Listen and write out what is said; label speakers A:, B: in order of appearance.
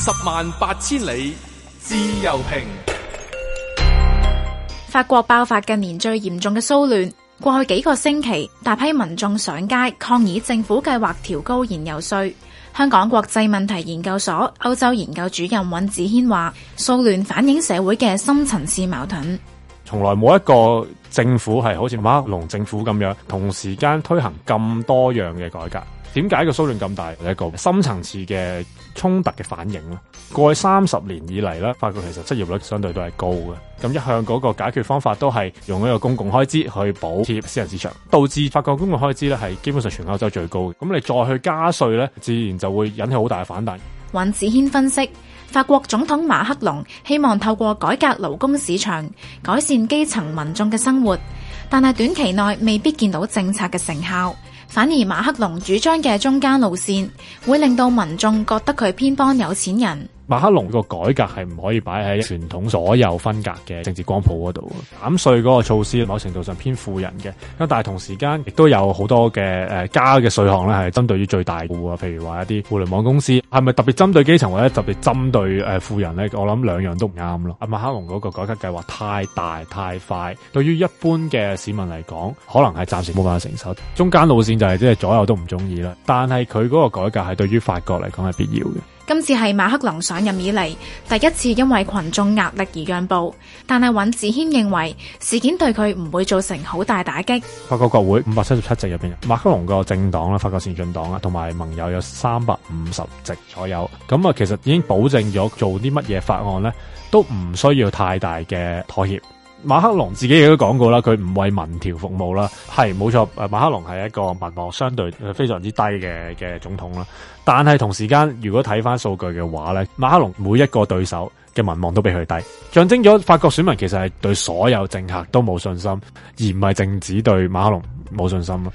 A: 十萬八千里自由評。
B: 法國爆發近年最嚴重嘅騷亂，過去幾個星期大批民眾上街抗議政府計劃調高燃油稅。香港國際問題研究所歐洲研究主任尹子軒話：騷亂反映社會嘅深層次矛盾。
A: 從來冇一個政府係好似馬克龍政府咁樣，同時間推行咁多樣嘅改革。點解個騷亂咁大？係一個深層次嘅衝突嘅反應啦。過去三十年以嚟咧，法國其實失業率相對都係高嘅。咁一向嗰個解決方法都係用一個公共開支去補貼私人市場，導致法國公共開支咧係基本上全歐洲最高嘅。咁你再去加稅咧，自然就會引起好大嘅反彈。
B: 尹子軒分析，法國總統馬克龍希望透過改革勞工市場，改善基層民眾嘅生活，但係短期內未必見到政策嘅成效。反而馬克龍主張嘅中間路線，會令到民眾覺得佢偏幫有錢人。
A: 馬克龍個改革係唔可以擺喺傳統所有分隔嘅政治光譜嗰度。減稅嗰個措施某程度上偏富人嘅，咁但係同時間亦都有好多嘅誒、呃、加嘅稅項咧，係針對於最大戶啊，譬如話一啲互聯網公司係咪特別針對基層或者特別針對誒、呃、富人咧？我諗兩樣都唔啱咯。阿馬克龍嗰個改革計劃太大太快，對於一般嘅市民嚟講，可能係暫時冇辦法承受。中間路線就係即係左右都唔中意啦。但係佢嗰個改革係對於法國嚟講係必要嘅。
B: 今次係馬克龍上任以嚟第一次因為群眾壓力而讓步，但係尹子軒認為事件對佢唔會造成好大打擊。
A: 法國國會五百七十七席入邊，馬克龍個政黨啦，法國前進黨啊，同埋盟友有三百五十席左右，咁啊，其實已經保證咗做啲乜嘢法案咧，都唔需要太大嘅妥協。馬克龍自己亦都講過啦，佢唔為民調服務啦，係冇錯。誒，馬克龍係一個民望相對非常之低嘅嘅總統啦，但係同時間如果睇返數據嘅話呢，馬克龍每一個對手嘅民望都比佢低，象徵咗法國選民其實係對所有政客都冇信心，而唔係淨止對馬克龍冇信心咯。